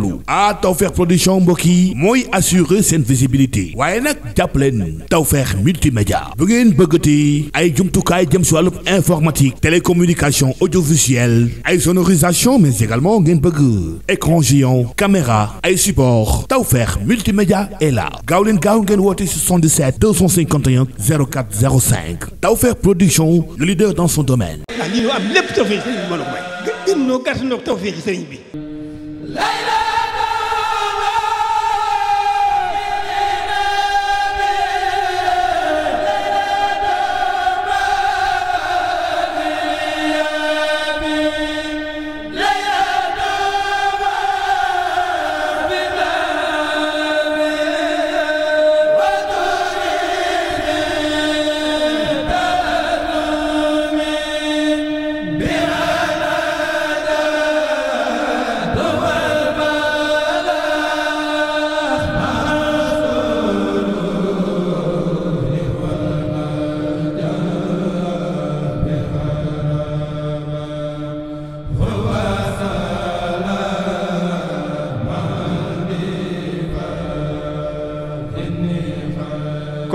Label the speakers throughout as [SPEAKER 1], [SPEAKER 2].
[SPEAKER 1] teewlu ah Tawfekh production mbokk yi mooy assurer seen visibilité waaye nag jàppaleen Tawfekh multimédia bu ngeen bëggatee ay jumtukaay jëm si wàllu informatique télécommunication audiovisuelle ay sonorisation mais également ngeen bëgg écran géant caméra ay support Tawfekh multimédia est là gaaw leen gaaw ngeen woote 77 251 production le leader dans son domaine. ah lii ñu am lépp Tawfekh sëriñ bi mbooloo mooy. gën gën ñoo gàtt ñoo Tawfekh bi.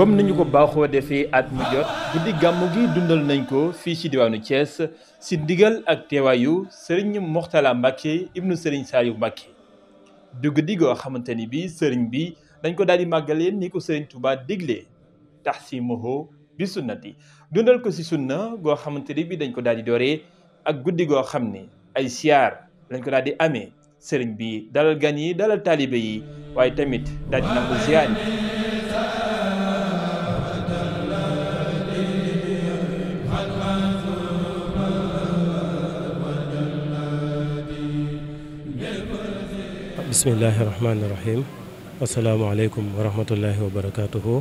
[SPEAKER 2] comme ni ko baaxoo defee at mu jot guddi gàmmu gi dundal nañ ko fii ci diwaanu Thiès ci ndigal ak teewaayu sëriñ Moxtala Mbacke ibnu sëriñ Saliou Mbacke du guddi goo xamante ni bii sëriñ bi dañ ko daal di màggalee ni ko sëriñ Touba diglee taxsimuhu bi sunnati dundal ko ci sunna goo xamante ni bii dañ ko daal di dooree ak guddi goo xam ne ay siyaar lañ ko daal di amee sëriñ bi dalal gan yi dalal taalibe yi waaye tamit daal di nangu
[SPEAKER 3] bismillaahi rahmaani rahiim asalaamaaleykum wa rahmatullahi wa barakaatuhu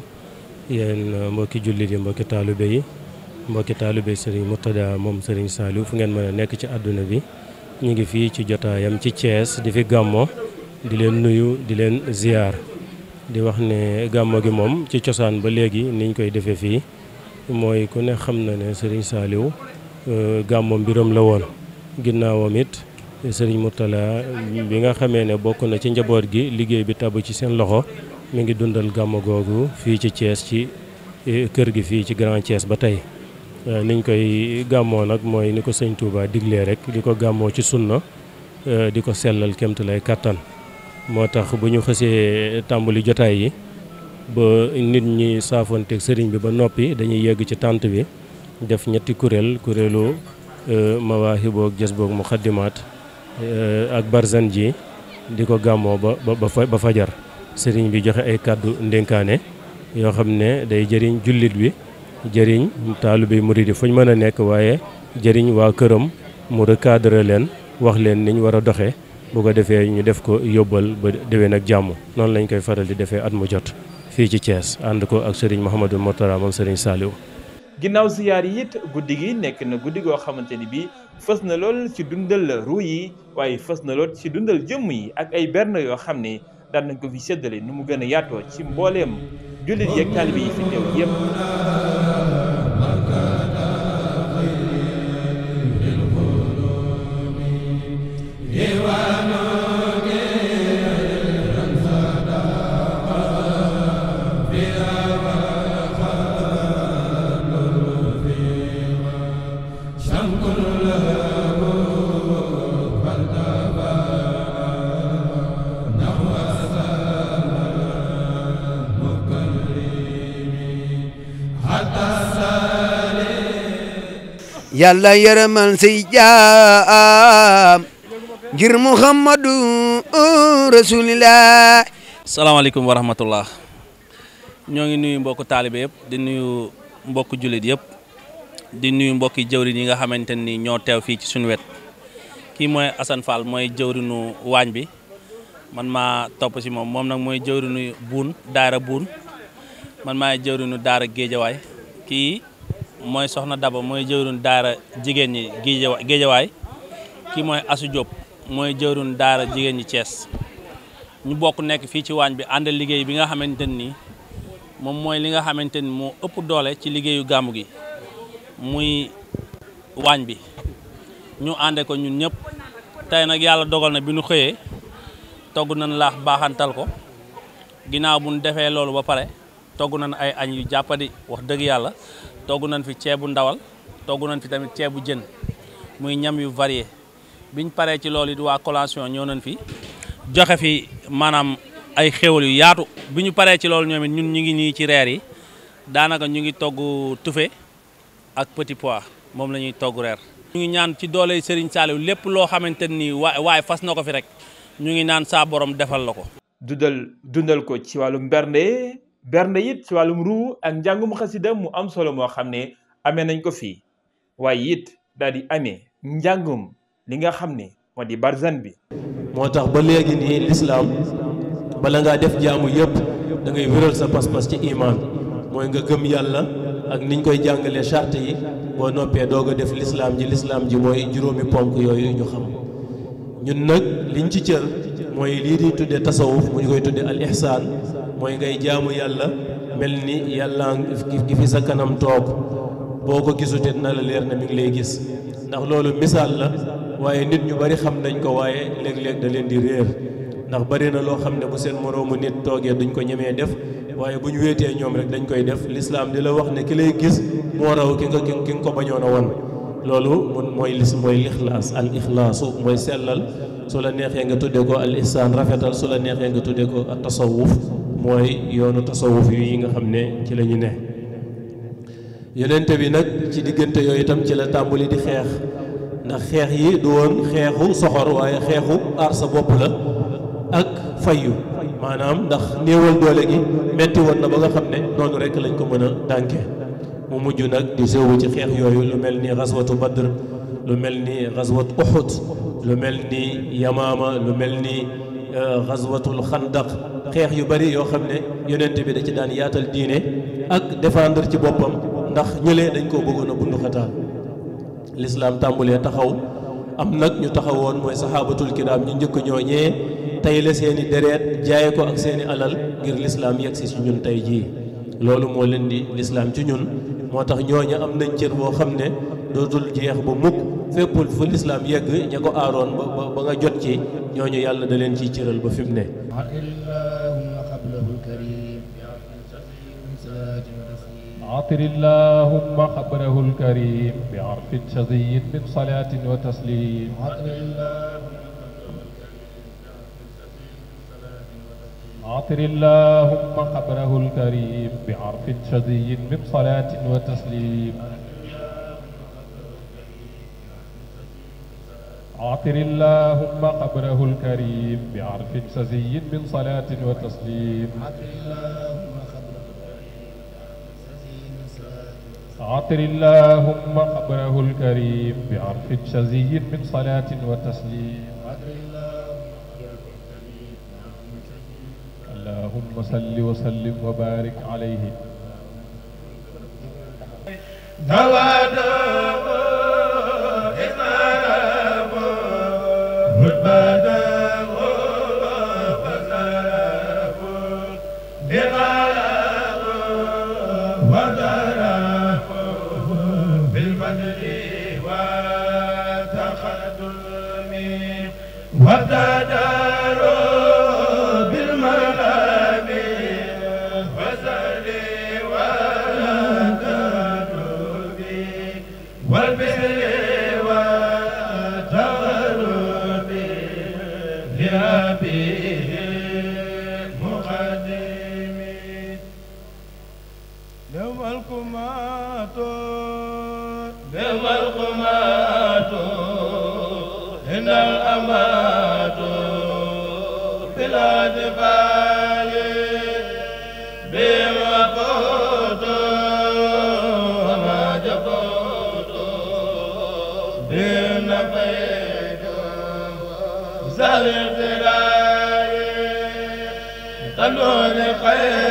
[SPEAKER 3] yéen uh, mbokki jullit yi mbokki taalibe mbokki taalibe Serigne Mourtada moom Serigne Saliou fu ngeen mën a nekk ci àdduna bi ñu ngi fii ci jotaayam ci Thiès di fi gàmmo di leen nuyu di leen ziar di wax ne gàmmo gi moom ci cosaan ba léegi niñ koy defee fii mooy ku ne xam na ne Serigne saaliw uh, gàmmo mbiram la woon ginnaawam it sëriñ Mourtala bi nga xamee ne bokk na ci njaboot gi liggéey bi tabu ci seen loxo mu ngi dundal gàmm googu fii ci Thiès ci eh, kër gi fii ci Grand Thiès ba tey eh, niñ koy gàmmoo nag mooy ni ko sëñ Touba diglee rek di ko gàmmoo ci sunna eh, di ko sellal kémtu lay kàttan moo tax bu ñu xësee tàmbali jotaay yi ba nit ñi saafonteeg sëriñ bi ba noppi dañuy yegg ci tànt bi def ñetti kuréel kuréelu mawaahiboog jës book mu xaddimaat Euh, ak Barzan ji di ko gàmmoo ba ba fajar sëriñ bi joxe ay kàddu ndénkaane yoo xam ne day jëriñ jullit bi jëriñ taalibe murid yi fu ñu mën a nekk waaye jëriñ waa këram mu recadre leen wax leen ni ñu war a doxee bu ko defee ñu def ko yóbbal ba déwén ak jàmm noonu lañ koy faral di defee at mu jot fii ci cees ànd ko ak sëriñ Mouhamadou Mourtada moom sëriñ Saliou
[SPEAKER 2] ginnaaw ziyaar yi it guddi gi nekk na guddi goo xamante ni bii fës na lool ci dundal ruu yi waaye fës na lool ci dundal jëmm yi ak ay berne yoo xam ne daan nañ ko fi séddale ni mu gën a yaatoo ci mbooleem jullit yeeg taalibe yi fi teew yëpp.
[SPEAKER 4] yàlla yaramal say jaam ngir muhammadu rasulillah salaamaaleykum wa rahmatullah ñoo ngi nuyu mbokk taalibe yëpp di nuyu mbokku julit yëpp di nuyu mbokki jëwrin yi nga xamante ni ñoo teew fii ci suñu wet kii mooy Assane Fall mooy jëwrinu waañ bi man maa topp si moom moom nag mooy jëwrinu buun daara buun man maay jëwrinu daara géejawaay kii mooy soxna Daba mooy jëwriñ daara jigéen ñi Géejawaay kii mooy Asu Diop mooy jëwriñ daara jigéen ñi cees ñu bokk nekk fii ci waañ bi ànd liggéey bi nga xamante ni moom mooy li nga xamante ni moo ëpp doole ci liggéeyu gàmmu gi muy waañ bi ñu ànde ko ñun ñëpp tey nag yàlla dogal na bi nu xëyee togg nañ laax baaxantal ko ginnaaw bu ñu defee loolu ba pare togg nañ ay añ yu jàppadi wax dëgg yàlla togg nañ fi ceebu ndawal togg nañ fi tamit ceebu jën muy ñam yu varié biñ paree ci loolu it waa collation ñoo nañ fi joxe fi maanaam ay xéwal yu yaatu bi ñu paree ci loolu ñoom it ñun ñu ngi nii ci reer yi daanaka ñu ngi togg tufe ak petit pois moom la ñuy togg reer. ñu ngi ñaan ci doole Serigne Saliou lépp loo xamante ni waaye fas na ko fi rek ñu ngi naan saa boroom
[SPEAKER 2] defal la ko. dundal dundal ko ci wàllu mbernde. bernde it ci wàllum ruu ak njàngum xasida mu am solo moo xam ne amee nañ ko fii waaye it daal di amee njàngum li nga xam ne moo di barzan bi moo tax ba léegi nii lislaam bala ngaa def jaamu yëpp da ngay wéral sa pas-pas ci iman
[SPEAKER 3] mooy nga gëm yàlla ak niñ koy jàngalee charte yi boo noppee doog a def lislaam ji lislaam ji mooy juróomi ponk yooyu ñu xam ñun nag liñ ci cër mooy lii di tuddee tasawuf mu ñu koy tuddee al ihsaan mooy ngay jaamu yàlla mel ni yàlla gi fi sa kanam toog boo ko gisutee na la leer na mi ngi lay gis ndax loolu misaal la waaye nit ñu bari xam dañ ko waaye léeg-léeg da leen di réer ndax bari na loo xam ne bu seen moroomu nit toogee duñ ko ñemee def waaye bu ñu wéetee ñoom rek dañ koy def lislaam di la wax ne ki lay gis moo raw ki nga ki nga ko bañoon a won loolu mun mooy lis mooy lixlaas al ixlaasu mooy sellal su la neexee nga tuddee ko al ihsaan nga tudde ko al mooy yoonu tasawuf yi nga xam ne ci la ñu ne yonente bi nag ci diggante yooyu itam ci la yi di xeex ndax xeex yi du woon xeexu soxor waaye xeexu aar sa bopp la ak fayu maanaam ndax néewal doole gi metti woon na ba nga xam ne noonu rekk lañ ko mën a dànke mu mujj nag di sewu ci xeex yooyu lu mel ni xaswatu badr lu mel ni xaswatu uxud lu mel ni yamama lu mel ni xaswatul euh, xandaq xeex yu bari yoo xam ne yonent bi da ci daan yaatal diine ak défendre ci boppam ndax ñëlee dañ koo bëggoon a bunduxataal lislaam tàmbulee taxaw am nag ñu taxawoon mooy saxaabatul kiraam ñu njëkk ñooñee tey la seeni dereet jaaye ko ak seeni alal ngir lislaam yegsi ci ñun tey jii loolu moo leen di lislaam ci ñun moo tax ñooñu am nañ cër boo xam ne dootul jeex ba mukk fépp fu lislaam yegg ña ko aaroon ba ba nga jot ci ñooñu yàlla da leen ciy cëral ba fi mu ne
[SPEAKER 2] عطر اللهم خبره الكريم بعرف شظي من صلاة وتسليم عطر
[SPEAKER 1] اللهم
[SPEAKER 2] عطر اللهم قبره الكريم بعرف شذي من صلاة وتسليم وعطر اللهم قبره الكريم بعرف سزي من صلاة وتسليم عطر اللهم قبره الكريم بعرف شزي من صلاة وتسليم اللهم صل وسلم وبارك عليه
[SPEAKER 1] wa
[SPEAKER 2] dawal kumato dawal kumato hinal amato
[SPEAKER 3] bila dibali bima koto
[SPEAKER 4] ma jakoto bina baydo zalir tiraye
[SPEAKER 1] talone khayr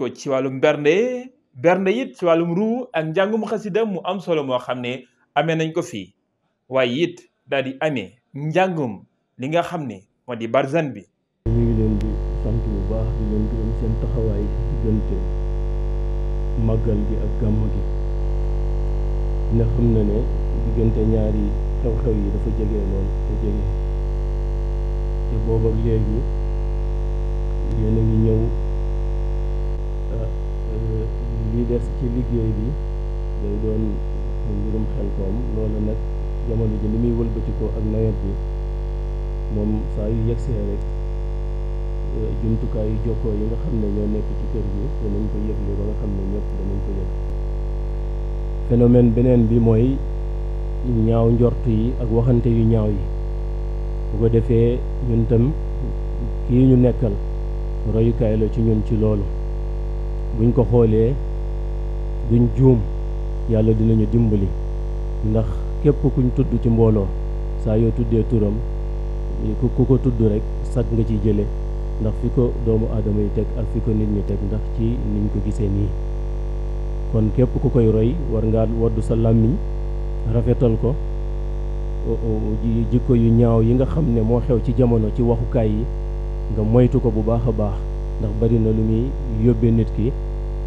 [SPEAKER 2] ko ci wàllum bernde bernde it ci wàllum ruu ak njàngum xasida mu am solo moo xam ne amee nañ ko fii waaye it daal di amee njàngum li nga xam ne moo di barzan bi.
[SPEAKER 3] ñu leen di sant bu baax di leen taxawaay diggante màggal gi ak gàmm gi xam na ne diggante ñaari xew-xew yi dafa jege lool te jege te boobu léegi yéen ngi ñëw. Euh, li des ci liggéey bi day doon mbirum Xelcom loolu nag jamono ji ni muy wëlbatikoo ak nawet bi moom saa yu yegsee rek euh, jumtukaay yu jokkoo yi nga xam ne ñoo nekk ci kër gi danañ ko yëgle ba nga xam ne ñëpp danañ ko yëg phénomène beneen bi mooy ñaaw njort yi ak waxante yu ñaaw yi bu ko defee ñun tam kii ñu nekkal royukaay la ci ñun ci loolu buñ ko xoolee duñ juum yàlla dinañu dimbali ndax képp kuñ tudd ci mbooloo saa yoo tuddee turam ku ko tudd rek sag nga ci jële ndax fi ko doomu aadama yi teg ak fi ko nit ñi teg ndax ci niñ ko gisee nii kon képp ku koy roy war ngaa waddu sa làmmiñ rafetal ko jikko yu ñaaw yi nga xam ne moo xew ci jamono ci waxukaay yi nga moytu ko bu baax a baax ndax bari na lu muy yóbbe nit ki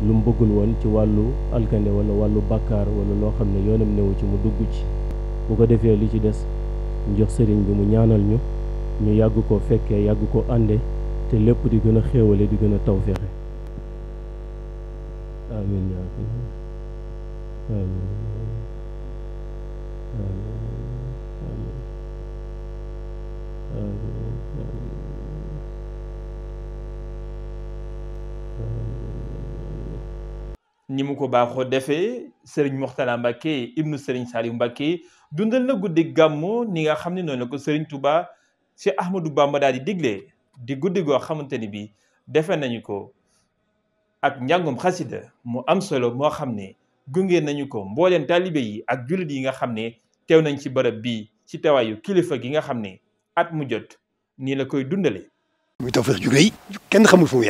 [SPEAKER 3] lu mu bëggul woon ci wàllu alkande wala wàllu bàkkaar wala loo xam ne yoonam newu ci mu dugg ci bu ko defee li ci des ñu sëriñ bi mu ñaanal ñu ñu yàgg koo fekkee yàgg koo ànde te lépp di gën a xéewale di gën a tawféexe
[SPEAKER 2] ni mu ko baaxoo defee Serigne Mourtala Mbacke ibnu Serigne Saliou Mbacke dundal na guddi gàmmu ni nga xam ne noonu la ko Serigne Touba Cheikh Ahmadou Bamba daal di digle di guddi goo xamante ni bi defee nañu ko ak njàngum xasida mu am solo moo xam ne gunge nañu ko mbooleen taalibe yi ak jullit yi nga xam ne teew nañ ci bërëb bi ci tawaayu kilifa gi nga xam ne at mu jot nii la koy dundale
[SPEAKER 1] muy tawfeex ju rëy kenn xamul fu mu